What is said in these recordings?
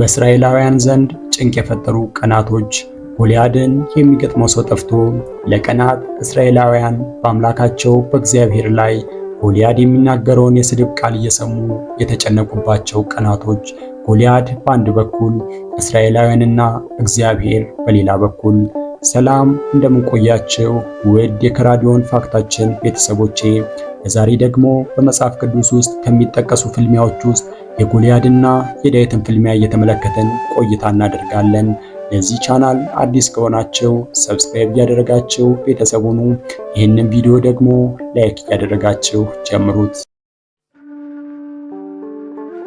በእስራኤላውያን ዘንድ ጭንቅ የፈጠሩ ቀናቶች ጎልያድን የሚገጥመው ሰው ጠፍቶ ለቀናት እስራኤላውያን በአምላካቸው በእግዚአብሔር ላይ ጎልያድ የሚናገረውን የስድብ ቃል እየሰሙ የተጨነቁባቸው ቀናቶች ጎልያድ በአንድ በኩል፣ እስራኤላውያንና እግዚአብሔር በሌላ በኩል ሰላም እንደምንቆያችው ውድ የከራዲዮን ፋክታችን ቤተሰቦቼ፣ ለዛሬ ደግሞ በመጽሐፍ ቅዱስ ውስጥ ከሚጠቀሱ ፍልሚያዎች ውስጥ የጎልያድና የዳዊትን ፍልሚያ እየተመለከተን ቆይታ እናደርጋለን። ለዚህ ቻናል አዲስ ከሆናችሁ ሰብስክራይብ እያደረጋችሁ ቤተሰብ ሁኑ። ይህንን ቪዲዮ ደግሞ ላይክ እያደረጋችሁ ጀምሩት።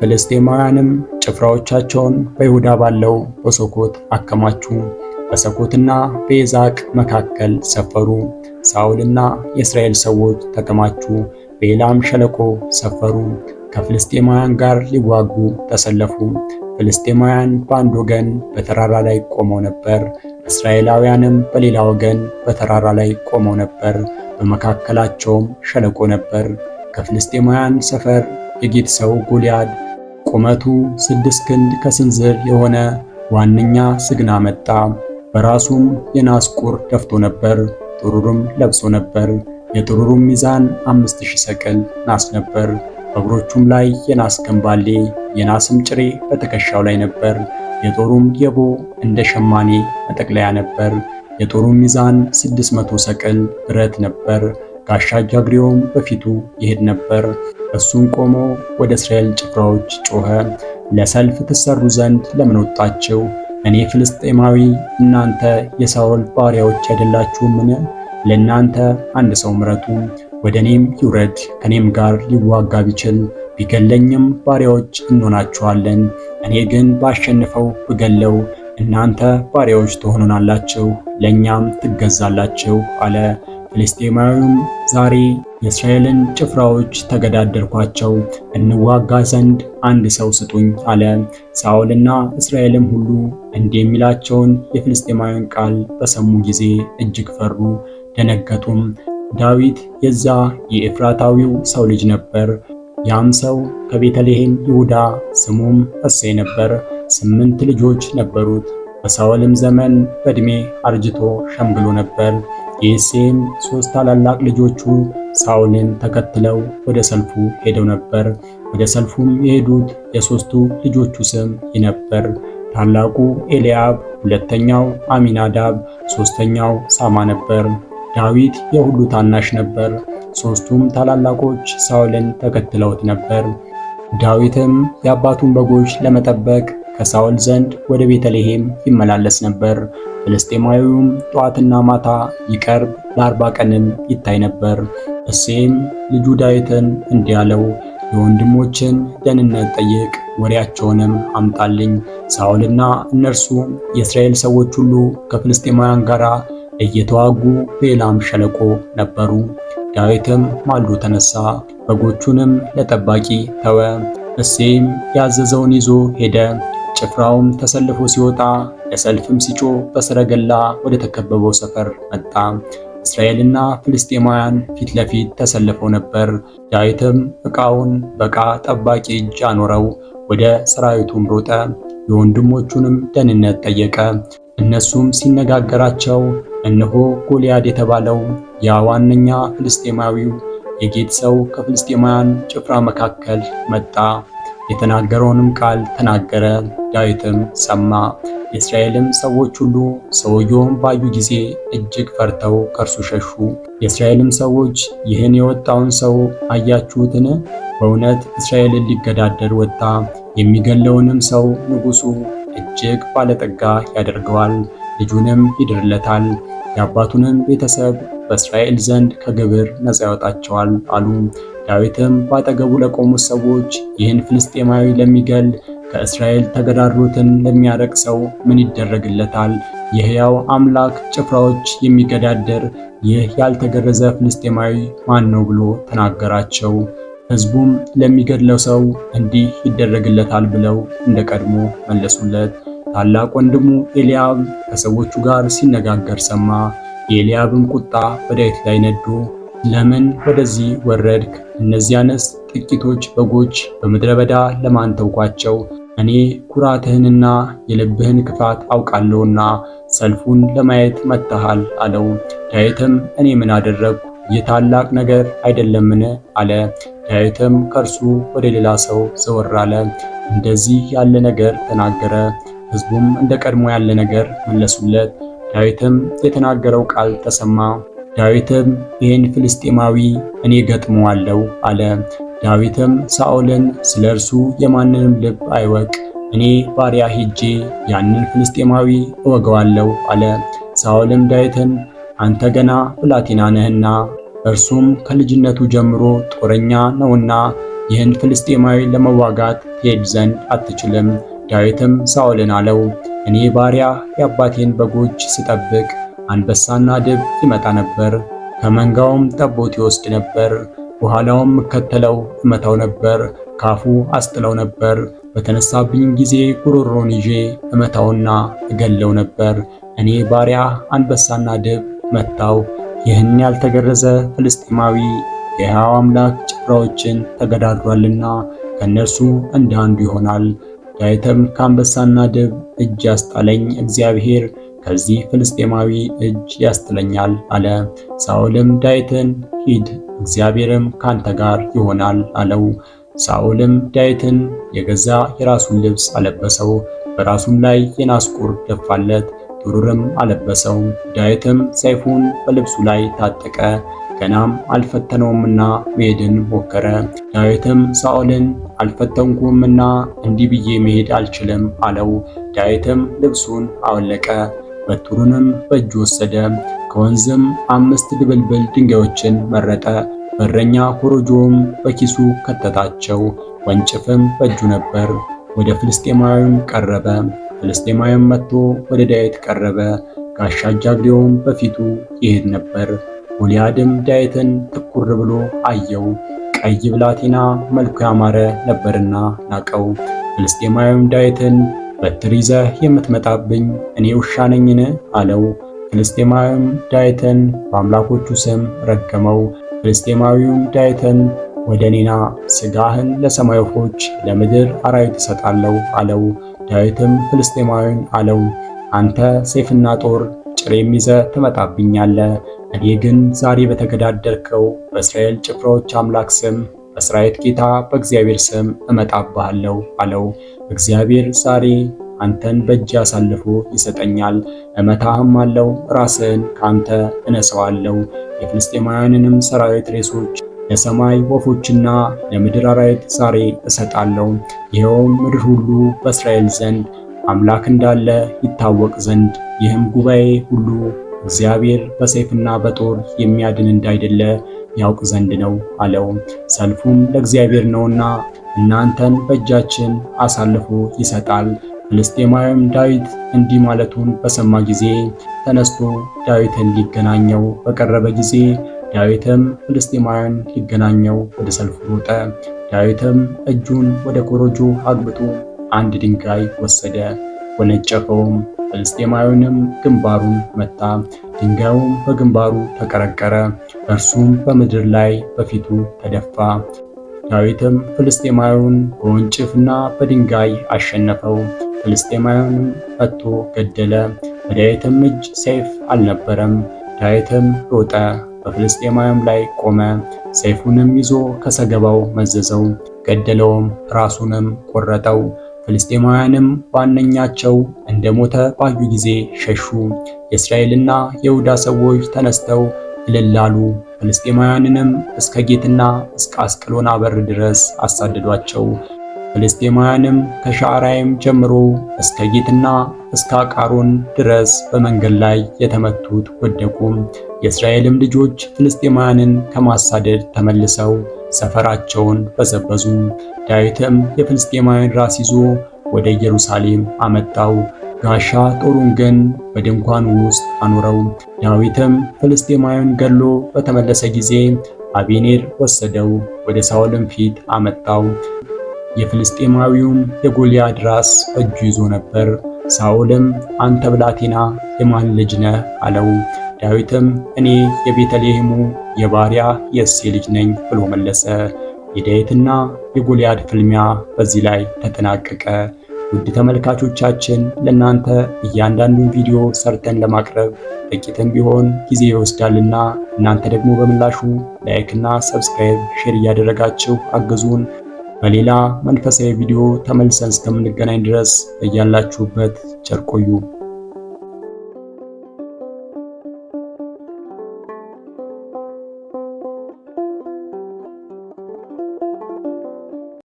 ፍልስጤማውያንም ጭፍራዎቻቸውን በይሁዳ ባለው በሶኮት አከማቹ። በሰኮትና በይዛቅ መካከል ሰፈሩ። ሳኦልና የእስራኤል ሰዎች ተከማቹ፣ በኤላም ሸለቆ ሰፈሩ። ከፍልስጤማውያን ጋር ሊዋጉ ተሰለፉ። ፍልስጤማውያን በአንድ ወገን በተራራ ላይ ቆመው ነበር፣ እስራኤላውያንም በሌላ ወገን በተራራ ላይ ቆመው ነበር። በመካከላቸውም ሸለቆ ነበር። ከፍልስጤማውያን ሰፈር የጌት ሰው ጎልያድ ቁመቱ ስድስት ክንድ ከስንዝር የሆነ ዋነኛ ስግና መጣ። በራሱም የናስ ቁር ደፍቶ ነበር። ጥሩሩም ለብሶ ነበር። የጥሩሩም ሚዛን አምስት ሺህ ሰቅል ናስ ነበር። በእግሮቹም ላይ የናስ ገንባሌ የናስም ጭሬ በትከሻው ላይ ነበር። የጦሩም የቦ እንደ ሸማኔ መጠቅለያ ነበር። የጦሩም ሚዛን ስድስት መቶ ሰቅል ብረት ነበር። ጋሻ ጃግሬውም በፊቱ ይሄድ ነበር። እሱም ቆሞ ወደ እስራኤል ጭፍራዎች ጮኸ፣ ለሰልፍ ትሰሩ ዘንድ ለምን ወጣችሁ? እኔ ፍልስጤማዊ እናንተ የሳውል ባሪያዎች አይደላችሁምን? ለእናንተ አንድ ሰው ምረጡ፣ ወደ እኔም ይውረድ፣ ከእኔም ጋር ሊዋጋ ቢችል ቢገለኝም ባሪያዎች እንሆናችኋለን። እኔ ግን ባሸንፈው ብገለው እናንተ ባሪያዎች ትሆኑናላችሁ፣ ለእኛም ትገዛላችሁ አለ። ፍልስጤማዊውም ዛሬ የእስራኤልን ጭፍራዎች ተገዳደርኳቸው፣ እንዋጋ ዘንድ አንድ ሰው ስጡኝ አለ። ሳኦልና እስራኤልም ሁሉ እንዲህ የሚላቸውን የፍልስጤማውያን ቃል በሰሙ ጊዜ እጅግ ፈሩ፣ ደነገጡም። ዳዊት የዛ የኤፍራታዊው ሰው ልጅ ነበር። ያም ሰው ከቤተልሔም ይሁዳ፣ ስሙም እሴ ነበር። ስምንት ልጆች ነበሩት። በሳኦልም ዘመን በዕድሜ አርጅቶ ሸምግሎ ነበር። የእሴም ሦስት ታላላቅ ልጆቹ ሳውልን ተከትለው ወደ ሰልፉ ሄደው ነበር። ወደ ሰልፉም የሄዱት የሦስቱ ልጆቹ ስም ይህ ነበር። ታላቁ ኤልያብ፣ ሁለተኛው አሚናዳብ፣ ሦስተኛው ሳማ ነበር። ዳዊት የሁሉ ታናሽ ነበር። ሦስቱም ታላላቆች ሳውልን ተከትለውት ነበር። ዳዊትም የአባቱን በጎች ለመጠበቅ ከሳውል ዘንድ ወደ ቤተልሔም ይመላለስ ነበር። ፍልስጤማዊውም ጠዋትና ማታ ይቀርብ ለአርባ ቀንም ይታይ ነበር። እሴይም ልጁ ዳዊትን እንዲህ አለው፣ የወንድሞችን ደህንነት ጠይቅ፣ ወሬያቸውንም አምጣልኝ። ሳኦልና እነርሱ የእስራኤል ሰዎች ሁሉ ከፍልስጤማውያን ጋር እየተዋጉ በኤላም ሸለቆ ነበሩ። ዳዊትም ማልዶ ተነሳ፣ በጎቹንም ለጠባቂ ተወ። እሴይም ያዘዘውን ይዞ ሄደ። ጭፍራውም ተሰልፎ ሲወጣ ለሰልፍም ሲጮ በሰረገላ ወደ ተከበበው ሰፈር መጣ። እስራኤልና ፍልስጤማውያን ፊት ለፊት ተሰልፈው ነበር። ዳዊትም ዕቃውን በዕቃ ጠባቂ እጅ አኖረው ወደ ሰራዊቱም ሮጠ፣ የወንድሞቹንም ደህንነት ጠየቀ። እነሱም ሲነጋገራቸው እነሆ ጎልያድ የተባለው ያ ዋነኛ ፍልስጤማዊው የጌት ሰው ከፍልስጤማውያን ጭፍራ መካከል መጣ። የተናገረውንም ቃል ተናገረ፣ ዳዊትም ሰማ። የእስራኤልም ሰዎች ሁሉ ሰውየውን ባዩ ጊዜ እጅግ ፈርተው ከእርሱ ሸሹ። የእስራኤልም ሰዎች ይህን የወጣውን ሰው አያችሁትን? በእውነት እስራኤልን ሊገዳደር ወጣ። የሚገለውንም ሰው ንጉሡ እጅግ ባለጠጋ ያደርገዋል፣ ልጁንም ይድርለታል፣ የአባቱንም ቤተሰብ በእስራኤል ዘንድ ከግብር ነፃ ያወጣቸዋል አሉ። ዳዊትም በአጠገቡ ለቆሙት ሰዎች ይህን ፍልስጤማዊ ለሚገል ከእስራኤል ተገዳድሮትን ለሚያረቅ ሰው ምን ይደረግለታል? የሕያው አምላክ ጭፍራዎች የሚገዳደር ይህ ያልተገረዘ ፍልስጤማዊ ማን ነው ብሎ ተናገራቸው። ሕዝቡም ለሚገድለው ሰው እንዲህ ይደረግለታል ብለው እንደ ቀድሞ መለሱለት። ታላቅ ወንድሙ ኤልያብ ከሰዎቹ ጋር ሲነጋገር ሰማ። የኤልያብም ቁጣ በዳዊት ላይ ነዶ ለምን ወደዚህ ወረድክ? እነዚያንስ ጥቂቶች በጎች በምድረ በዳ ለማን ተውኳቸው? እኔ ኩራትህንና የልብህን ክፋት አውቃለሁና ሰልፉን ለማየት መጥተሃል አለው። ዳዊትም እኔ ምን አደረግኩ? ይህ ታላቅ ነገር አይደለምን? አለ። ዳዊትም ከእርሱ ወደ ሌላ ሰው ዘወር አለ፣ እንደዚህ ያለ ነገር ተናገረ። ሕዝቡም እንደ ቀድሞ ያለ ነገር መለሱለት። ዳዊትም የተናገረው ቃል ተሰማ። ዳዊትም ይህን ፍልስጤማዊ እኔ ገጥመዋለሁ አለ። ዳዊትም ሳኦልን ስለ እርሱ የማንንም ልብ አይወቅ፣ እኔ ባሪያ ሄጄ ያንን ፍልስጤማዊ እወገዋለሁ አለ። ሳኦልም ዳዊትን አንተ ገና ብላቴና ነህና እርሱም ከልጅነቱ ጀምሮ ጦረኛ ነውና ይህን ፍልስጤማዊ ለመዋጋት ትሄድ ዘንድ አትችልም። ዳዊትም ሳኦልን አለው፣ እኔ ባሪያ የአባቴን በጎች ስጠብቅ አንበሳና ድብ ይመጣ ነበር። ከመንጋውም ጠቦት ይወስድ ነበር። በኋላውም እከተለው እመታው ነበር፣ ካፉ አስጥለው ነበር። በተነሳብኝ ጊዜ ጉሮሮን ይዤ እመታውና እገለው ነበር። እኔ ባሪያ አንበሳና ድብ መታው። ይህን ያልተገረዘ ፍልስጤማዊ የሕያው አምላክ ጭፍራዎችን ተገዳድሯልና ከእነርሱ እንደ አንዱ ይሆናል። ዳዊትም ከአንበሳና ድብ እጅ ያስጣለኝ እግዚአብሔር ከዚህ ፍልስጤማዊ እጅ ያስጥለኛል አለ። ሳኦልም ዳዊትን ሂድ፣ እግዚአብሔርም ካንተ ጋር ይሆናል አለው። ሳኦልም ዳዊትን የገዛ የራሱን ልብስ አለበሰው፣ በራሱም ላይ የናስ ቁር ደፋለት፣ ጥሩርም አለበሰው። ዳዊትም ሰይፉን በልብሱ ላይ ታጠቀ፣ ገናም አልፈተነውምና መሄድን ሞከረ። ዳዊትም ሳኦልን አልፈተንኩምና እንዲህ ብዬ መሄድ አልችልም አለው። ዳዊትም ልብሱን አወለቀ። በትሩንም በእጁ ወሰደ። ከወንዝም አምስት ድብልብል ድንጋዮችን መረጠ። በረኛ ኮሮጆውም በኪሱ ከተታቸው፣ ወንጭፍም በእጁ ነበር። ወደ ፍልስጤማዊም ቀረበ። ፍልስጤማዊም መጥቶ ወደ ዳዊት ቀረበ። ጋሻ ጃግሬውም በፊቱ ይሄድ ነበር። ጎልያድም ዳዊትን ትኩር ብሎ አየው፣ ቀይ ብላቴና መልኩ ያማረ ነበርና ናቀው። ፍልስጤማዊም ዳዊትን በትር ይዘህ የምትመጣብኝ እኔ ውሻ ነኝን? አለው። ፍልስጤማዊውም ዳይተን በአምላኮቹ ስም ረገመው። ፍልስጤማዊውም ዳይተን ወደ እኔና ሥጋህን ለሰማይ ወፎች፣ ለምድር አራዊት እሰጣለሁ አለው። ዳዊትም ፍልስጤማዊውን አለው፣ አንተ ሰይፍና ጦር ጭሬም ይዘህ ትመጣብኛለህ። እኔ ግን ዛሬ በተገዳደርከው በእስራኤል ጭፍራዎች አምላክ ስም በሠራዊት ጌታ በእግዚአብሔር ስም እመጣብሃለሁ አለው። እግዚአብሔር ዛሬ አንተን በእጅ አሳልፎ ይሰጠኛል፣ እመታህም አለው፣ ራስህን ከአንተ እነሳዋለሁ። የፍልስጤማውያንንም ሰራዊት ሬሶች ለሰማይ ወፎችና ለምድር አራዊት ዛሬ እሰጣለሁ። ይኸውም ምድር ሁሉ በእስራኤል ዘንድ አምላክ እንዳለ ይታወቅ ዘንድ ይህም ጉባኤ ሁሉ እግዚአብሔር በሰይፍና በጦር የሚያድን እንዳይደለ ያውቅ ዘንድ ነው አለው። ሰልፉም ለእግዚአብሔር ነውና እናንተን በእጃችን አሳልፎ ይሰጣል። ፍልስጤማዊም ዳዊት እንዲህ ማለቱን በሰማ ጊዜ ተነስቶ ዳዊትን ሊገናኘው በቀረበ ጊዜ ዳዊትም ፍልስጤማዊን ሊገናኘው ወደ ሰልፉ ሮጠ። ዳዊትም እጁን ወደ ኮረጆ አግብቶ አንድ ድንጋይ ወሰደ። ወነጨፈውም፣ ፍልስጤማዊውንም ግንባሩን መታ፣ ድንጋዩም በግንባሩ ተቀረቀረ፣ እርሱም በምድር ላይ በፊቱ ተደፋ። ዳዊትም ፍልስጤማዊውን በወንጭፍና በድንጋይ አሸነፈው፣ ፍልስጤማዊውንም ፈቶ ገደለ። በዳዊትም እጅ ሰይፍ አልነበረም። ዳዊትም ሮጠ፣ በፍልስጤማዊውም ላይ ቆመ፣ ሰይፉንም ይዞ ከሰገባው መዘዘው፣ ገደለውም፣ ራሱንም ቆረጠው። ፍልስጤማውያንም ዋነኛቸው ሞተ ባዩ ጊዜ ሸሹ። የእስራኤልና የይሁዳ ሰዎች ተነስተው እልላሉ ፍልስጤማውያንንም እስከ ጌትና እስከ አስቀሎና በር ድረስ አሳደዷቸው። ፍልስጤማውያንም ከሻዕራይም ጀምሮ እስከ ጌትና እስከ አቃሮን ድረስ በመንገድ ላይ የተመቱት ወደቁ። የእስራኤልም ልጆች ፍልስጤማውያንን ከማሳደድ ተመልሰው ሰፈራቸውን በዘበዙ። ዳዊትም የፍልስጤማውያን ራስ ይዞ ወደ ኢየሩሳሌም አመጣው። ጋሻ ጦሩን ግን በድንኳኑ ውስጥ አኖረው። ዳዊትም ፍልስጤማውያን ገሎ በተመለሰ ጊዜ አቤኔር ወሰደው፣ ወደ ሳኦልም ፊት አመጣው። የፍልስጤማዊውም የጎልያድ ራስ በእጁ ይዞ ነበር። ሳኦልም አንተ ብላቴና የማን ልጅ ነህ? አለው። ዳዊትም እኔ የቤተልሔሙ የባሪያ የእሴይ ልጅ ነኝ ብሎ መለሰ። የዳዊትና የጎልያድ ፍልሚያ በዚህ ላይ ተጠናቀቀ። ውድ ተመልካቾቻችን ለእናንተ እያንዳንዱን ቪዲዮ ሰርተን ለማቅረብ ጥቂትም ቢሆን ጊዜ ይወስዳልና እናንተ ደግሞ በምላሹ ላይክና ሰብስክራይብ፣ ሼር እያደረጋችሁ አግዙን። በሌላ መንፈሳዊ ቪዲዮ ተመልሰን እስከምንገናኝ ድረስ እያላችሁበት ቸር ቆዩ።